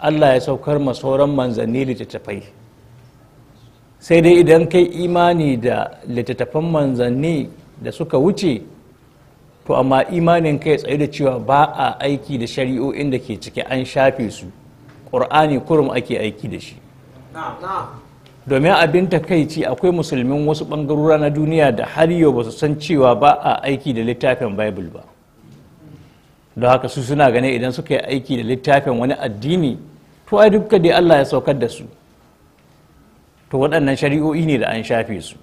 allah ya saukar ma sauran manzanni littattafai sai dai idan kai imani da littattafan manzanni da suka wuce to amma imanin kai tsaye da cewa ba a aiki da shari'o'in da ke ciki an shafe su ƙur'ani kurum ake aiki da shi domin abin takaici akwai musulmin wasu ɓangarora na duniya da har yau ba su san cewa ba a aiki da littafin bible ba don haka su suna gane idan suka yi aiki da littafin wani addini to ai dukka dai Allah ya saukar da su to waɗannan shari'o'i ne da an shafe su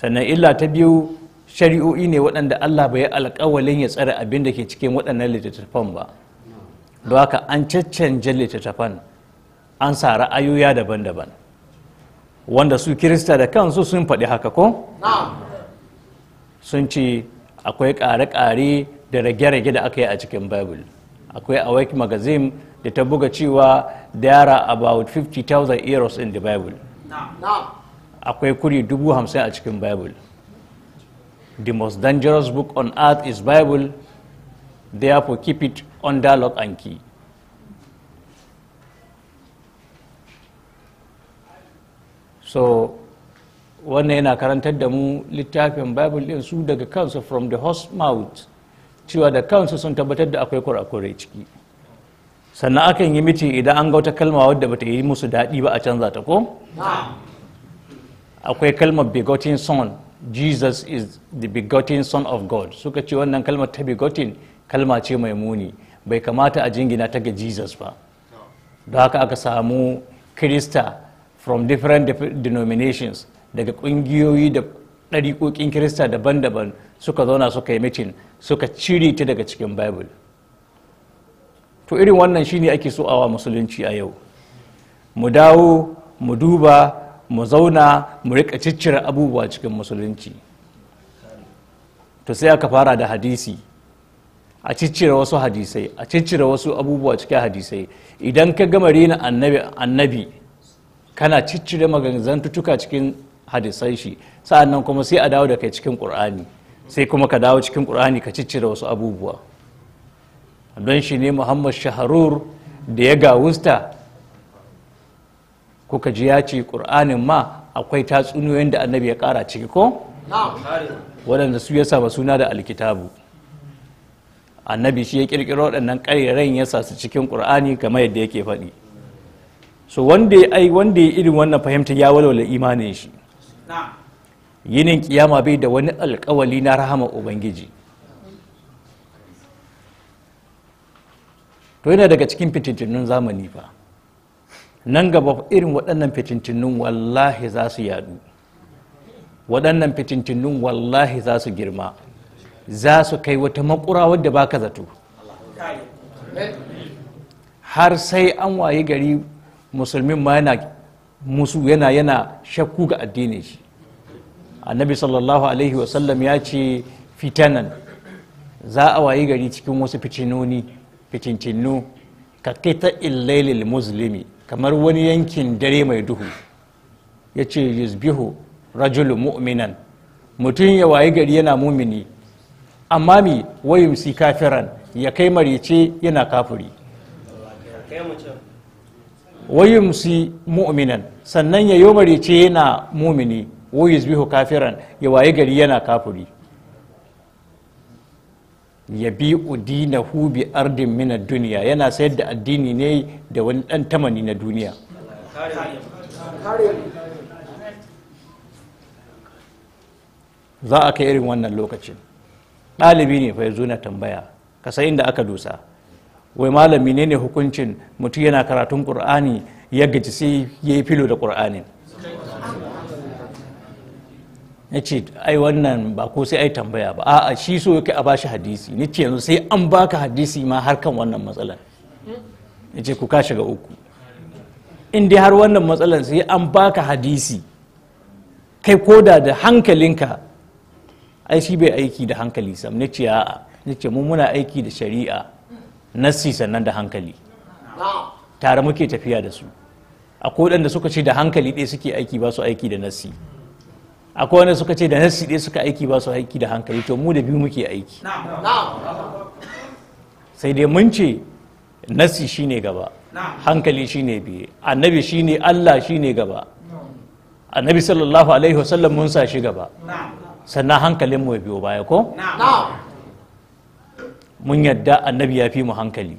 sannan illa ta biyu shari'o'i ne waɗanda Allah bai alƙawalin ya tsare abin da ke cikin waɗannan littattafan ba don haka an caccanje littattafan an sa ra'ayoya daban-daban wanda su kirista da kansu sun faɗi haka ko sun ce akwai ƙare-ƙare da rage-rage da aka yi a cikin bible akwai awake magazine da ta buga cewa there are about 50,000 euros in the bible akwai kuri dubu hamsin a cikin bible the most dangerous book on earth is bible therefore keep it under lock and key so wannan yana karantar da mu littafin bible din su daga kansu from the host mouth cewa da kansu sun tabbatar da akwai kurakurai ciki sannan akan yi miti idan an ga wata kalma wadda bata yi musu daɗi ba a canza ta ko akwai kalmar begotten son jesus is the begotten son of god suka ce wannan kalmar ta begotten kalma ce mai muni bai kamata a jingina ta ga jesus ba don haka aka samu krista from different denominations daga ƙungiyoyi da ɗariƙoƙin krista daban-daban suka zauna suka yi mitin suka cire ta daga cikin bible to irin wannan shine ake so awa musulunci a yau mu dawo mu duba mu zauna mu rika ciccire abubuwa cikin musulunci to sai aka fara da hadisi a ciccire wasu hadisai a ciccire wasu abubuwa cikin hadisai idan ka gama rena annabi annabi kana ciccire maganzantutuka cikin hadisai shi sa'annan kuma sai a dawo da kai cikin qur'ani sai kuma ka dawo cikin qur'ani ka ciccire wasu abubuwa don shi ne muhammad shaharur da ya gawusta kuka ji ya ce ƙur'anin ma akwai tatsuniyoyin da annabi ya kara ciki ko? waɗanda su ya saba suna da alkitabu annabi shi ya ƙirƙiro waɗannan ƙarerayin ya sa su cikin ƙur'ani kamar yadda yake faɗi so wanda ya wanda ya irin wannan fahimta ya walwala imanin shi yinin kiyama bai da wani alkawali na rahama ubangiji to yana daga cikin fitintinun zamani fa nan gaba irin waɗannan fitintinun wallahi za su yadu waɗannan fitintinun wallahi za su girma za su kai wata makura wadda ba ka zato har sai an waye gari musulmin ma yana musu yana yana shakku ga addinin shi annabi sallallahu alaihi wasallam ya ce fitanan za a waye gari cikin wasu fitinoni fitintinu ka kita illailil muslimi kamar wani yankin dare mai duhu ya ce yusbihu rajul mu'minan mutum ya wayi gari yana mumini amma mi si kafiran ya kai marice yana kafiri si mu'minan sannan ya yi marice yana mumini wayusbihu kafiran ya wayi gari yana kafuri. ya bi udina hubi ardin mina duniya yana sayar da addini ne da wani dan tamani na duniya za a kai irin wannan lokacin ɗalibi ne fa ya zo na tambaya ka sai inda aka dosa wai malami ne ne hukuncin mutum yana karatun ƙur'ani ya gaji sai ya yi filo da ƙur'anin na ce ai wannan ba ko sai ai tambaya ba a'a shi so yake a bashi hadisi ni ce yanzu sai an baka hadisi ma har kan wannan matsalar ya ce ku ka shiga uku in dai har wannan matsalar sai an baka hadisi kai koda da hankalinka ai shi bai aiki da hankali sam ni ce a'a ni ce mu muna aiki da shari'a nassi sannan da hankali tare muke tafiya da su akwai waɗanda suka ce da hankali ɗaya suke aiki ba su aiki da nassi akwai wani suka ce da nassi ɗaya suka aiki ba su aiki da hankali to mu da biyu muke aiki sai dai mun ce nassi shine gaba hankali shine biye annabi shine Allah shine gaba annabi sallallahu alaihi wasallam mun sa shi gaba sannan hankalin mu biyo baya ko mun yadda annabi ya fi mu hankali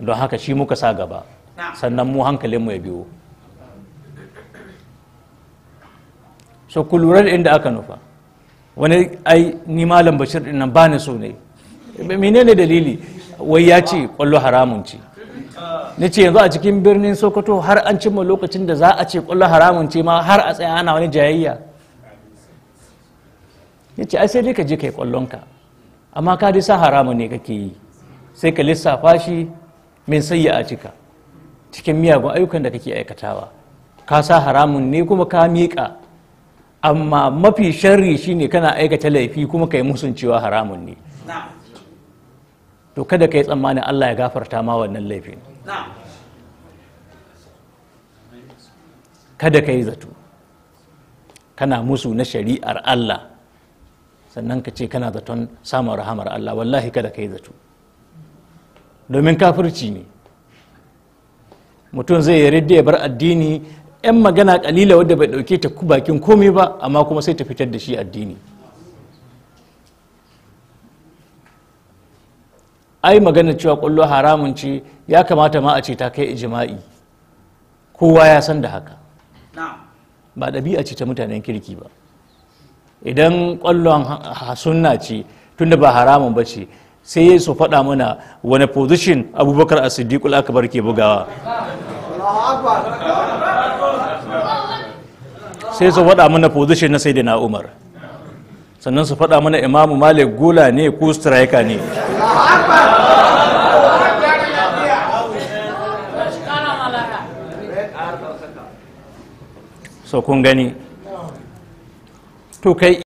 don haka shi muka sa gaba sannan mu hankalin mu ya biyo so ku lura da inda aka nufa wani ai ni malam bashir din nan ba ni so ne menene dalili wai ya ce kwallo haramun ce ni ce yanzu a cikin birnin sokoto har an cimma lokacin da za a ce kwallo haramun ce ma har a tsaya ana wani jayayya ya ce ai sai dai ka je kai ka amma ka dai sa haramun ne kake yi sai ka lissafa shi min sayya a cika cikin miyagun ayyukan da kake aikatawa ka sa haramun ne kuma ka miƙa amma mafi sharri shine kana aikata laifi kuma kai musun cewa haramun ne to kada ka yi tsammanin Allah ya gafarta ma wannan laifin kada ka yi zato kana musu na shari'ar Allah sannan ka ce kana zaton samun rahamar Allah wallahi kada ka yi zato domin kafirci ne mutum zai yarda ya bar addini 'yan magana kalila wadda bai dauke ta bakin komai ba amma kuma sai ta fitar da shi addini ai magana cewa kwallo haramun ce ya kamata ma a ce ta kai ijima'i kowa ya san da haka ba ɗabi'a ce ta mutanen kirki ba idan kwallon sunna ce tunda ba haramun ba ce sai ya so faɗa mana wani position abubakar a siddiqul akbar ke bugawa sai su faɗa mana position na sai da umar sannan su faɗa mana imamu malik gula ne ko striker ne so kun gani to kai